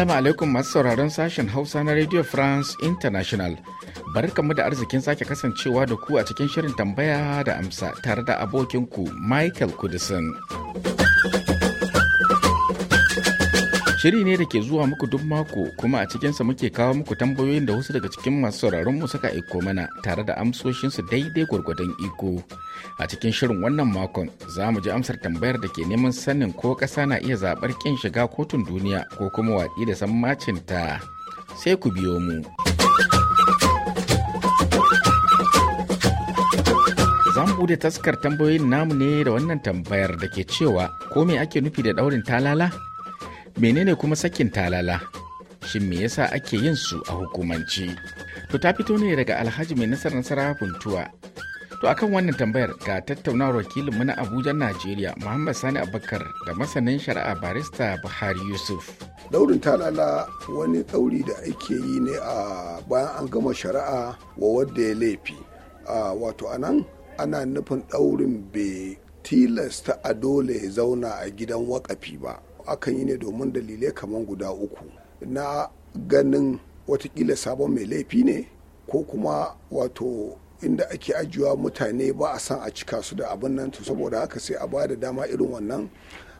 Assalamu alaikum masu sauraron sashen Hausa na Radio France International. Barkamu da arzikin sake kasancewa da ku a cikin shirin tambaya da amsa tare da ku Michael Kudisin. Shiri ne da ke zuwa muku duk mako kuma a cikinsa muke kawo muku tambayoyin da wasu daga cikin masu sauraron mu suka aiko mana tare da amsoshinsu daidai gwargwadon iko. A cikin shirin wannan makon za mu ji amsar tambayar da ke neman sanin ko ƙasa na iya zaɓar ƙin shiga kotun duniya ko kuma watsi da sammacinta. Sai ku biyo mu. Zan bude taskar tambayoyin namu ne da wannan tambayar da ke cewa ko me ake nufi da daurin talala menene kuma sakin talala shin me yasa ake yin su a hukumance to ta fito ne daga alhaji mai nasar nasara funtuwa to akan wannan tambayar ga tattaunawar wakilinmu na abuja najeriya muhammad sani abubakar da masanin shari'a barista buhari yusuf daurin talala wani dauri da ake yi ne a bayan an gama shari'a wa wadda ya laifi wato anan ana nufin daurin bai tilasta a dole ya zauna a gidan wakafi ba akan yi ne domin dalilai kamar guda uku na ganin watakila sabon mai laifi ne ko kuma wato inda ake ajiyewa mutane ba a san a cika su da abin nan to saboda haka sai a ba da dama irin wannan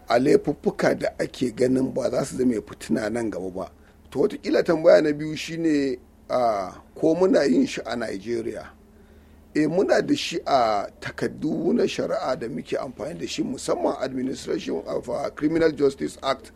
a laifuffuka da ake ganin ba za su zama fitina nan gaba ba to watakila tambaya na biyu shine a ah, ko muna yin shi a nigeria e muna da shi a takaddu na shari'a da muke amfani da shi musamman administration of uh, criminal justice act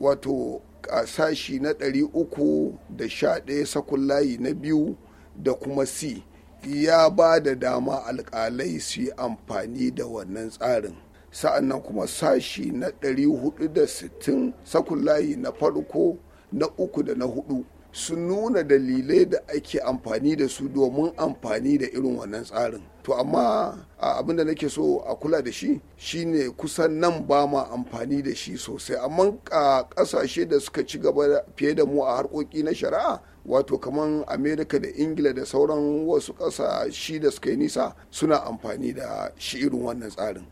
wato a sashi na 311 sakun layi na biyu da kuma c ya ba da dama alkalai su yi amfani da wannan tsarin sa'annan kuma sashi na 460 sakun layi na farko na uku da na hudu sun nuna dalilai da ake amfani da su domin amfani da irin wannan tsarin to amma abin da nake so a kula da shi shine kusan nan ba ma amfani da shi sosai amma a kasashe da suka ci gaba fiye da mu a harkoki na shari'a wato kamar amerika da ingila da sauran wasu kasashe da suka yi nisa suna amfani da shi irin wannan tsarin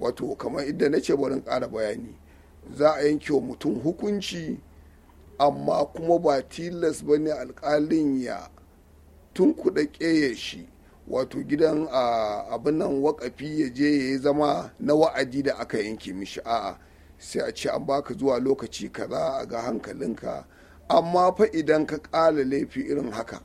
wato kamar inda na ce barin ƙara bayani za a yanke wa mutum hukunci amma kuma ba tilas ba ne alkalin ya tun kuɗa ƙeya shi wato gidan abin wakafi ya je ya yi zama na wa'adi da aka yanke mishi a'a sai a ce an baka zuwa lokaci kaza a ga hankalinka amma fa idan ka ƙala laifi irin haka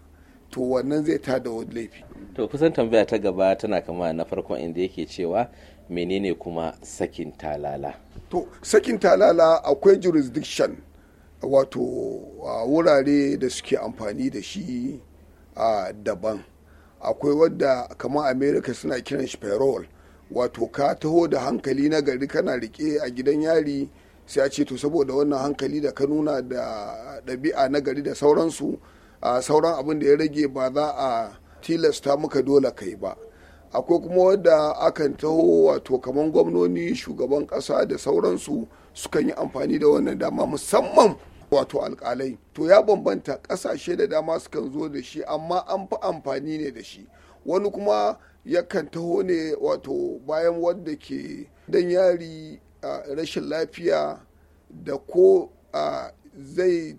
to wannan zai ta da wani laifi to kusan tambaya ta gaba tana kama na farkon inda yake cewa menene kuma sakin talala to sakin talala akwai jurisdiction wato wurare da suke amfani da shi a daban akwai wadda kamar america suna kiran shi parole wato ka taho da hankali na gari kana rike a gidan yari sai a ce to saboda wannan hankali da ka nuna da ɗabi'a na gari da sauransu a sauran abin da ya rage ba za a tilasta muka dole kai ba akwai kuma wadda akan taho wato kamar gwamnoni shugaban ƙasa da sauransu sukan yi amfani da wannan dama musamman wato alkalai to ya bambanta kasashe da dama sukan zo da shi amma an fi amfani ne da shi wani kuma yakan taho ne wato bayan wanda ke dan yari rashin lafiya da ko zai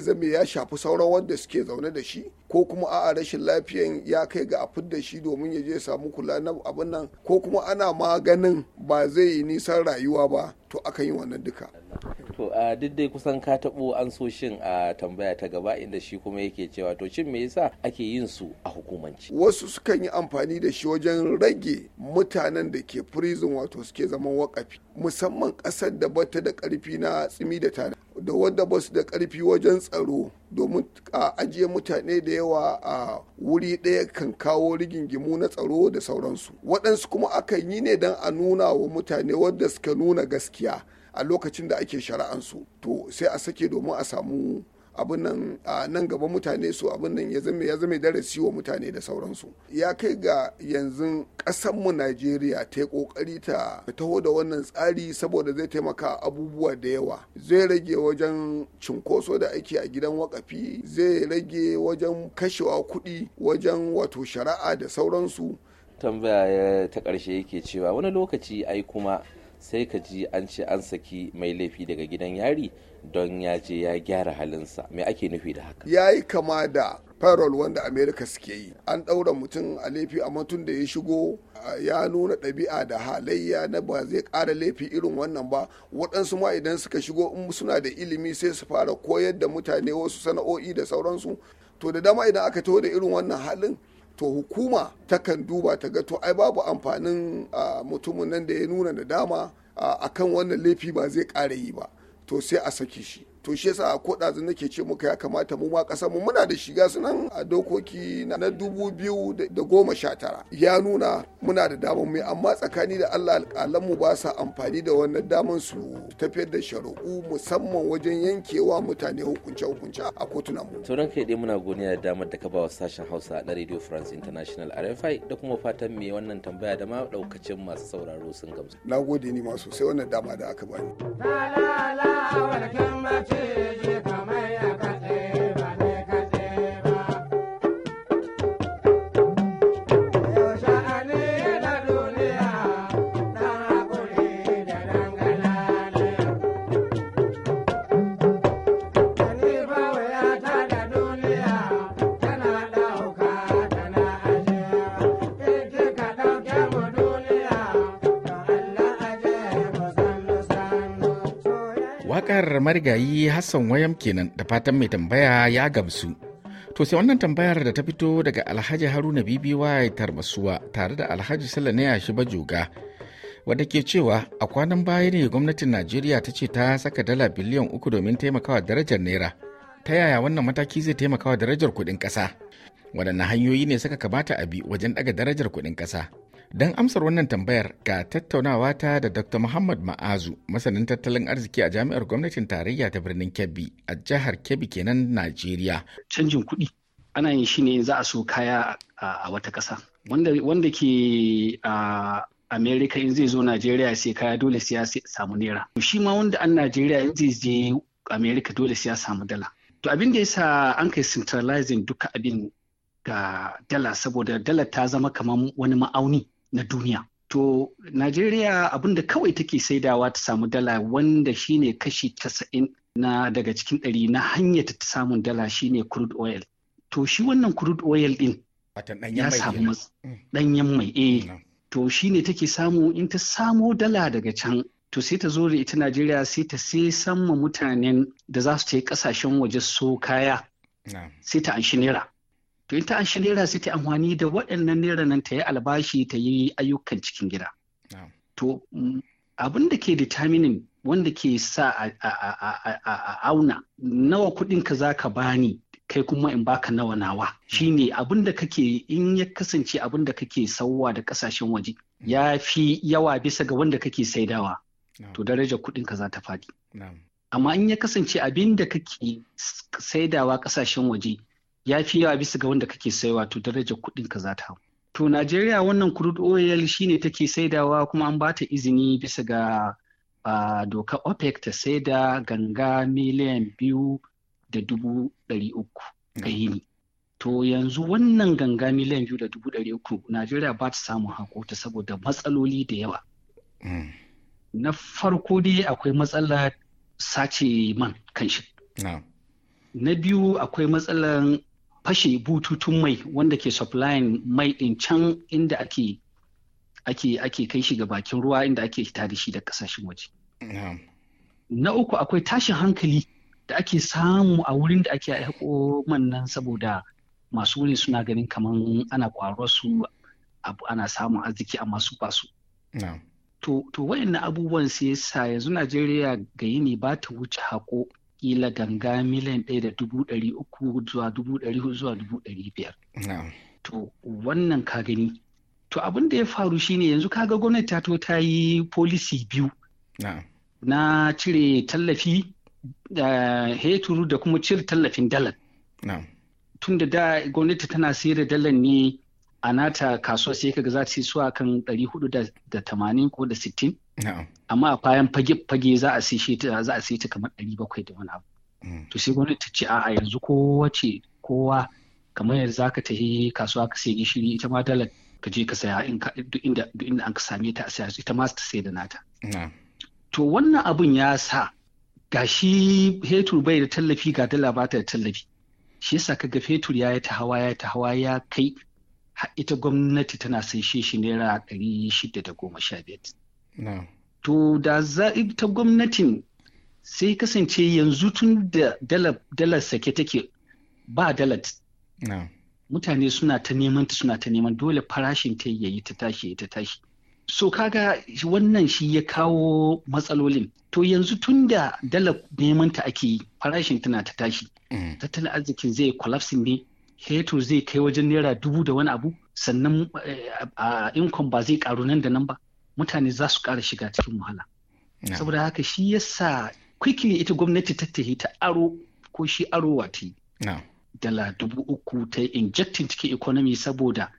zame ya shafi sauran wanda suke zaune da shi ko kuma a rashin lafiyan ya kai ga a da shi domin ya je samu kula na abin nan ko kuma ana maganin ba zai yi nisan rayuwa ba to akan yi wannan duka to a duk dai kusan ka taɓo an so shin a tambaya ta gaba inda shi kuma yake cewa to shin me yasa ake yin su a hukumanci wasu sukan yi amfani da shi wajen rage mutanen da ke prison wato suke zaman wakafi musamman ƙasar da bata da ƙarfi na tsimi da tana. da wadda ba su da ƙarfi wajen tsaro domin a ajiye mutane da yawa a wuri ɗaya kan kawo rigingimu na tsaro da sauransu waɗansu kuma akan yi ne don a nuna wa mutane wadda suka nuna gaskiya a lokacin da ake shari'ansu to sai a sake domin a samu abin nan a nan gaba mutane su abin nan ya zama ya zama darasi wa mutane da sauransu ya kai ga yanzu ƙasar mu Najeriya ta yi kokari ta taho da wannan tsari saboda zai taimaka abubuwa da yawa zai rage wajen cinkoso da ake a gidan wakafi zai rage wajen kashewa kuɗi wajen wato shari'a da sauransu tambaya ta ƙarshe yake cewa wani lokaci ai kuma sai ka ji an ce an saki mai laifi daga gidan yari don ya je ya gyara halinsa me ake nufi da haka ya yi kama da parol wanda america suke yi an ɗaura mutum a laifi a matun da ya shigo ya nuna ɗabi'a da halayya na ba zai ƙara laifi irin wannan ba waɗansu ma idan suka shigo in suna da ilimi sai su fara koyar da mutane wasu sana'o'i da sauransu to da dama idan aka taho da irin wannan halin to hukuma takan duba ta ga to ai babu amfanin mutumin nan da ya nuna da dama a akan wannan laifi ba zai ƙara yi ba to sai a saki shi to shi yasa a koda zan nake ce muka ya kamata mu ma kasar mu muna da shiga sunan a dokoki na dubu biyu da goma sha tara ya nuna muna da damar mai amma tsakani da Allah alƙalan mu ba sa amfani da wannan damar su tafiyar da shari'u musamman wajen yankewa mutane hukunce hukunce a kotunan mu. Turan kai dai muna godiya da damar da ka ba wa sashen Hausa na Radio France International RFI da kuma fatan me wannan tambaya da ma daukacin masu sauraro sun gamsu. Na gode ni ma sosai wannan dama da aka bani. La la la de marigayi Hassan Wayam kenan da fatan mai tambaya ya gamsu. To sai wannan tambayar da ta fito daga Alhaji Haruna BBY Tarbasuwa tare da Alhaji Sallanaya joga wadda ke cewa a kwanan baya ne gwamnatin Najeriya ta ce ta saka dala biliyan uku domin taimakawa darajar naira. Ta yaya wannan mataki zai taimakawa darajar kuɗin ƙasa? Waɗanne hanyoyi ne suka kamata a bi wajen ɗaga darajar kuɗin ƙasa? Don amsar wannan tambayar ga tattaunawa ta da Dr. Muhammad Ma'azu, masanin tattalin arziki a jami'ar gwamnatin tarayya ta birnin Kebbi a jihar Kebbi kenan Najeriya. Canjin kuɗi ana yin shi ne za a so kaya a wata ƙasa. Wanda, ke a Amerika in zai zo Najeriya sai kaya dole sai ya samu naira. Shi ma wanda an Najeriya in zai je Amerika dole sai ya samu dala. To abin da yasa an kai centralizing duka abin ga dala saboda dala ta zama kamar wani ma'auni na duniya. To, Najeriya da kawai take saidawa ta samu dala wanda shine kashi tasa'in na daga cikin ɗari na hanyar ta samun dala shine crude oil. To, shi wannan crude oil din ya samu ɗanyen mai eh. Mm. Mm. To, shi ne take samu in ta samo dala daga can. To, sai ta zo da ita Najeriya sai ta sai sama mutanen da za su ta yi ƙasashen waje so kaya. Sai ta anshi naira. to in ta an naira sai ta amfani da waɗannan naira nan ta yi albashi ta yi ayyukan cikin gida to mm, abin da ke determining wanda ke sa a auna nawa kuɗin ka za ka bani kai kuma in baka nawa nawa shine abin da kake in ya kasance abin da kake sauwa da kasashen waje ya fi yawa bisa ga wanda kake saidawa to darajar kuɗin ka za ta faɗi amma in ya kasance abin da kake saidawa kasashen waje ya fi yawa bisa ga wanda kake saiwa to darajar kuɗin ka za ta hau. To Najeriya wannan crude oil ne take saidawa kuma an bata izini bisa ga uh, OPEC ta saida ganga miliyan biyu da dubu ɗari uku ga mm-hmm. yini. To yanzu wannan ganga miliyan biyu da dubu ɗari uku Najeriya ba ta samun hakota saboda matsaloli da yawa. Mm. Na farko dai akwai matsala sace man kanshi. Na biyu akwai matsalan fashe bututun mai wanda ke supplying mai din can inda ake ake ake kai shi ga bakin ruwa inda ake hita da shi da kasashen waje na uku akwai tashin hankali da ake samu a wurin da ake haƙo man nan saboda masu wurin suna ganin kamar ana kwaruwar su ana samun arziki a masu basu. su to to wayannan abubuwan sai yasa yanzu Najeriya ga yini ba ta wuce haƙo kila ganga miliyan ɗaya da dubu ɗari uku zuwa dubu ɗari zuwa dubu ɗari biyar. To wannan ka gani. To abin da ya faru shine yanzu kaga gwamnati ta to ta yi polisi biyu. Na cire tallafi da heturu da kuma cire tallafin dalar. Tun da da gwamnati tana sayar da dalar ne a nata kasuwa sai kaga za ta yi suwa kan ɗari hudu da tamanin ko da sittin. amma a kwayan fage-fage za a sai za a sai ta kamar ɗari bakwai da wani abu hmm. to sai gwamnati ta ce a yanzu kowa ce kowa kamar yanzu zaka tafi kasuwa ka sai gishiri ita ma dalar ka je ka saya In duk inda an ka same ta a saya ita ma ta sai da nata to wannan abun ya sa gashi fetur bai da tallafi ga dala ba ta da tallafi shi yasa ga fetur ya yi ta hawa ya ta hawa ya kai ita gwamnati tana sai shi naira ɗari shida da goma sha biyar To da zaɓi ta gwamnatin sai kasance yanzu tun da dalar sake take ba dalar. Mutane suna ta neman ta suna ta neman dole farashin ta yayi ta tashi ta tashi. So kaga wannan shi ya kawo matsalolin. To yanzu tun da dalar neman ta ake yi farashin tana ta tashi. Mm. Tattalin arzikin zai kwalafsin ne heto zai kai wajen naira dubu da wani abu sannan eh, a income ba zai karu nan da nan ba mutane za su ƙara shiga cikin wahala saboda haka shi yasa quickly ita gwamnati ta tahi ta aro ko shi aro wati dala dubu uku ta injecting cikin economy saboda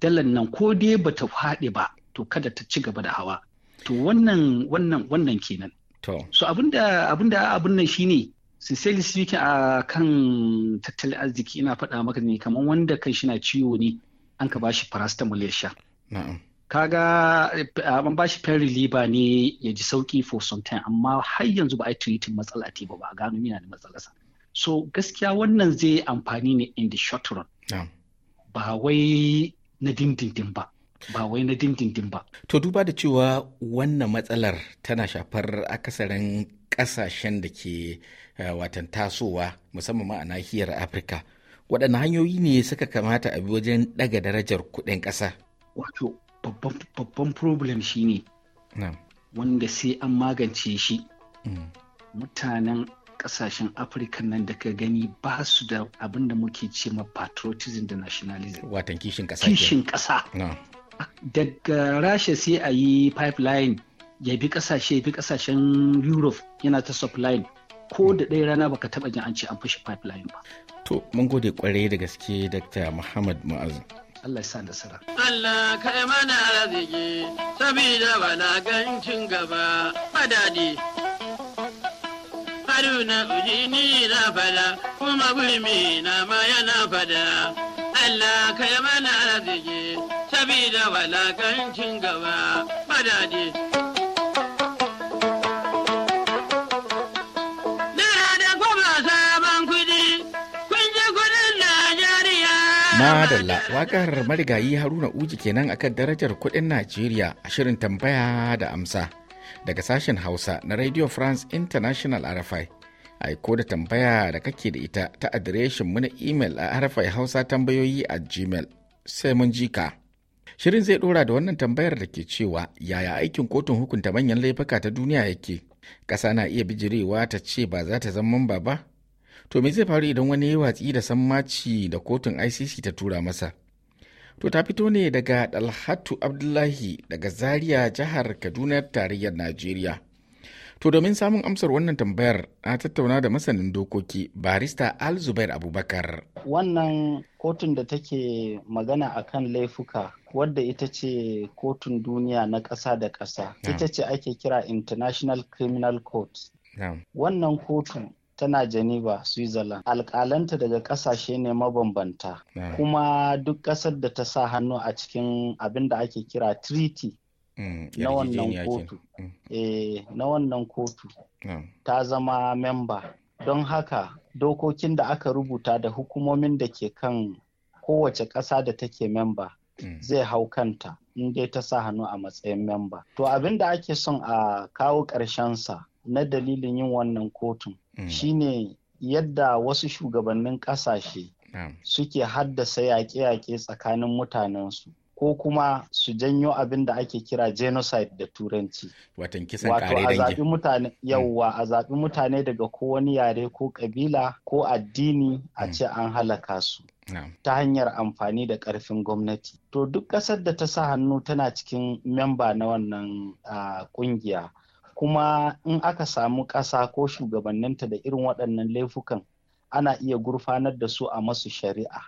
dalan nan ko dai bata faɗi ba to kada ta ci gaba da hawa to wannan wannan wannan kenan so abinda abinda abin nan shi ne, sincerely speaking a kan tattalin arziki ina faɗa maka ne kamar wanda kan shi na ciwo ne an ka bashi paracetamol ya sha kaga eh, an ba shi pain reliever ne ya ji sauki for some time amma har yanzu ba a yi matsala ta ba ba gano yana da sa so gaskiya wannan zai amfani ne in the short run ba wai na dindindin ba ba wai na dindindin ba to duba da cewa wannan matsalar tana shafar akasarin kasashen da ke eh, watan tasowa musamman ma a nahiyar afirka waɗanne hanyoyi ne suka kamata a bi wajen ɗaga darajar kuɗin ƙasa wato babban problem shine wanda sai an magance shi mm. mutanen kasashen afirka nan da ka gani ba su da abin da muke ce ma patriotism da nationalism watan kishin kasa kishin kasa daga rasha sai a yi pipeline ya bi kasashe bi kasashen europe yana ta supply. ko da ɗaya rana baka taba jin an ce an fashe pipeline ba to mun gode kwarai da gaske dr muhammad Ma'azin. Allah ya sa sara. Allah kai mana arziki saboda gancin gaba madadi. Haruna ujini na fada kuma gulmi na ma yana fada. Allah kai mana arziki saboda balagancin gaba madadi. Madalla wakar marigayi Haruna Uji kenan akan darajar kudin Najeriya a shirin tambaya da amsa daga sashen Hausa na Radio France International RFI. Aiko da tambaya da kake da ita ta adireshin mu na imel a RFI Hausa tambayoyi a Gmail. Sai mun ka Shirin zai dora da wannan tambayar da ke cewa yaya aikin kotun hukunta manyan laifuka ta duniya yake? Ƙasa na iya bijirewa ta ce ba za ta zama ba to me zai faru idan wani ya watsi da sammaci da kotun icc ta tura masa to ta fito ne daga dalhatu abdullahi daga zaria jihar kaduna tarayyar najeriya to domin samun amsar wannan tambayar na tattauna da masanin dokoki barista al abubakar wannan kotun da take magana a kan laifuka wadda ita ce kotun duniya na ƙasa da ƙasa ita ce ake kira international criminal court wannan kotun. tana Geneva, Switzerland. Alƙalanta daga ƙasashe ne mabambanta. Eh. Kuma duk ƙasar da ta sa hannu a cikin abin da ake kira treaty mm, mm. eh, na wannan kotu. Na wannan kotu ta zama memba. Don haka dokokin da aka rubuta da hukumomin da ke kan kowace ƙasa da take memba mm. zai hau kanta in dai ta sa hannu a matsayin memba. To abin da ake son a kawo ƙarshen sa na dalilin yin wannan kotun Mm. shine yadda wasu shugabannin kasashe suke haddasa yaƙe-yaƙe tsakanin mutanensu ko kuma su janyo abin da ake kira genocide da turanci wato mm. a zaɓi mutane yawwa a mutane daga ko yare ko ƙabila ko addini a mm. ce an halaka su ta hanyar amfani da ƙarfin gwamnati to duk ƙasar da ta sa hannu tana cikin memba na wannan ah, ƙungiya kuma in aka samu ƙasa ko shugabanninta da irin waɗannan laifukan ana iya gurfanar da su a masu shari'a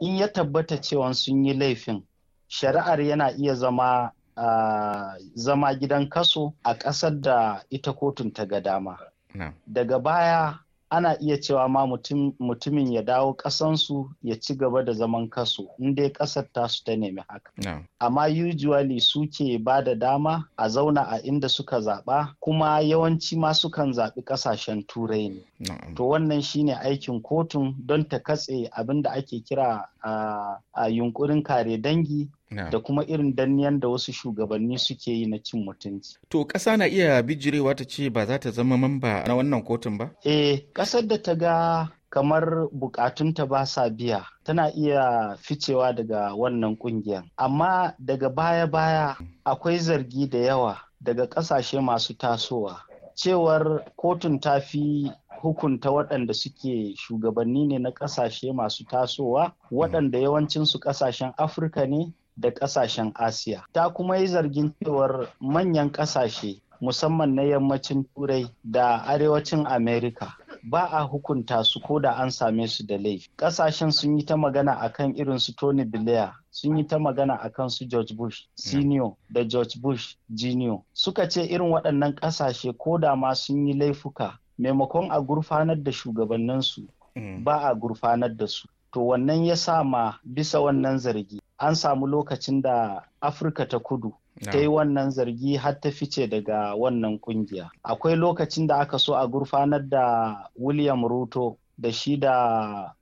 in ya tabbata cewa sun yi laifin shari'ar yana iya zama uh, zama gidan kaso a ƙasar da ita kotun ta ga dama daga baya ana iya cewa ma mutumin ya dawo kasansu ya ci gaba da zaman kasu. in dai ƙasar tasu ta nemi haka. Amma usually suke ba da dama a zauna a inda suka zaɓa kuma yawanci ma sukan zaɓi ƙasashen turai ne. To wannan shine aikin kotun don ta katse abin da ake kira a yunkurin kare dangi da kuma irin danniyan da wasu shugabanni suke yi na cin mutunci. To ƙasa na iya bijirewa ta ce ba za ta zama mamba na wannan kotun ba? Eh, ƙasar da ta ga kamar bukatunta ba sa biya tana iya ficewa daga wannan kungiyar amma daga baya-baya akwai zargi da yawa daga ƙasashe masu tasowa cewar kotun ta fi hukunta waɗanda suke shugabanni ne na ƙasashe masu tasowa waɗanda yawancinsu ƙasashen afirka ne da kasashen asiya ta kuma yi zargin cewar manyan kasashe musamman na yammacin turai da arewacin amerika ba a hukunta su ko da an same su da laifi kasashen sun yi ta magana akan irin su tony blair sun yi ta magana akan su george bush senior da george bush junior suka ce irin waɗannan kasashe ko da ma sun yi laifuka maimakon a gurfanar da shugabanninsu mm. ba a gurfanar da su to wannan ya sa ma bisa wannan zargi an samu lokacin da afirka ta kudu ta yi wannan zargi har ta fice daga wannan kungiya. Akwai lokacin da aka so a gurfanar da William Ruto da shi da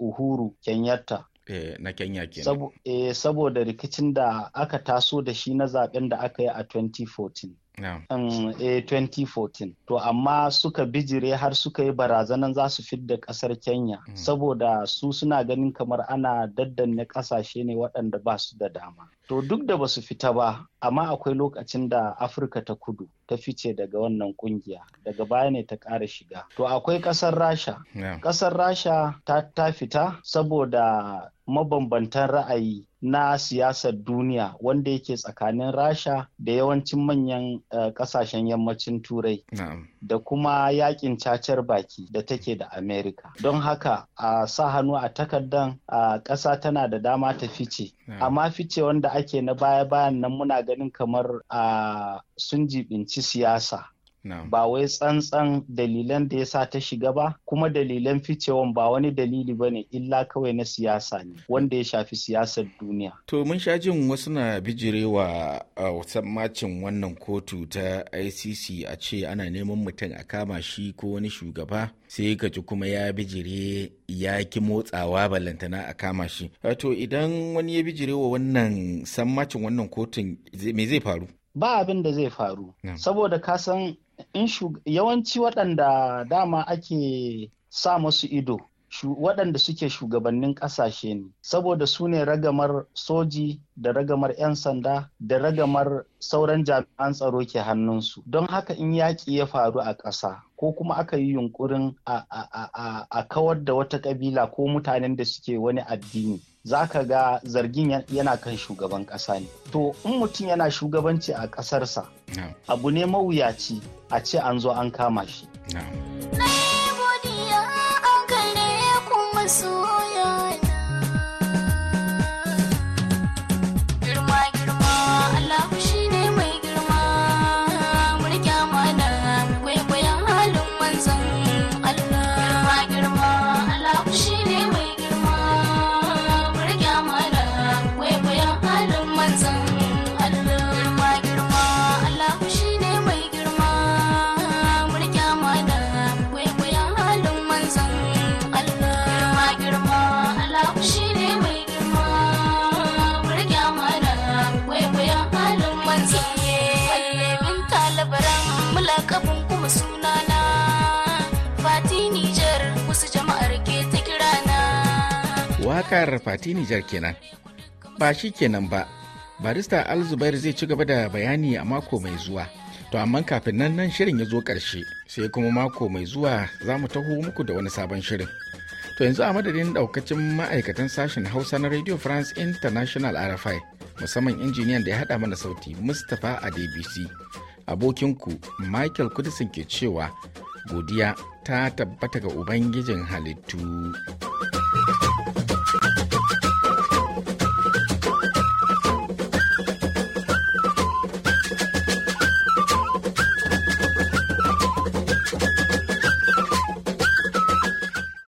Uhuru Kenyatta. Eh, na Kenya kenan. Eh, saboda rikicin da aka taso da shi na zaben da aka yi a 2014. a 2014 um, eh, to amma suka bijire har suka yi barazanan za su fidda kasar kenya mm. saboda su suna ganin kamar ana daddanne kasashe ne waɗanda ba su da dama to duk da ba su fita ba amma akwai lokacin da afirka ta kudu ta fice daga wannan kungiya daga baya ne ta ƙara shiga to akwai ƙasar rasha ƙasar rasha ta fita saboda mabambantan ra'ayi na siyasar duniya wanda yake tsakanin rasha da yawancin manyan kasashen eh, yammacin turai da kuma yakin cacar baki da take da amerika don haka a sa hannu a takardan a kasa ƙasa tana da dama ta fice amma fice wanda ake na baya-bayan nan muna ganin kamar sun jibinci siyasa ba wai tsantsan dalilan da ya sa ta shiga ba kuma dalilan ficewan ba wani dalili ba ne illa kawai na siyasa ne wanda ya shafi siyasar duniya. To mun sha jin wasu na bijirewa a macin wannan kotu ta ICC a ce ana neman mutum a kama shi ko wani shugaba sai ka ji kuma ya bijire ya ki motsawa ballantana a kama shi. To idan wani ya bijirewa wannan sammacin wannan kotun me zai faru? ba abin da zai faru saboda kasan yawanci waɗanda dama ake sa masu ido waɗanda suke shugabannin ƙasashe ne saboda su ne ragamar soji da ragamar 'yan sanda da ragamar sauran jami'an tsaro ke hannunsu don haka in yaƙi ya faru a ƙasa ko kuma aka yi yunkurin a kawar da wata ƙabila ko mutanen da suke wani addini za ka ga zargin yana kan shugaban ƙasa ne. To, in mutum yana shugabanci a ƙasarsa, abu ne mawuyaci a ce an zo an kama shi. waƙar fati nijar kenan ba shi kenan ba barista alzubair zai ci gaba da bayani a mako mai zuwa to amma kafin nan nan shirin ya zo karshe sai kuma mako mai zuwa za mu taho muku da wani sabon shirin to yanzu a madadin daukacin ma'aikatan sashen hausa na radio france international rfi musamman injiniyan da ya haɗa mana sauti mustapha a dbc abokinku michael kudisin ke cewa godiya ta tabbata ga ubangijin halittu.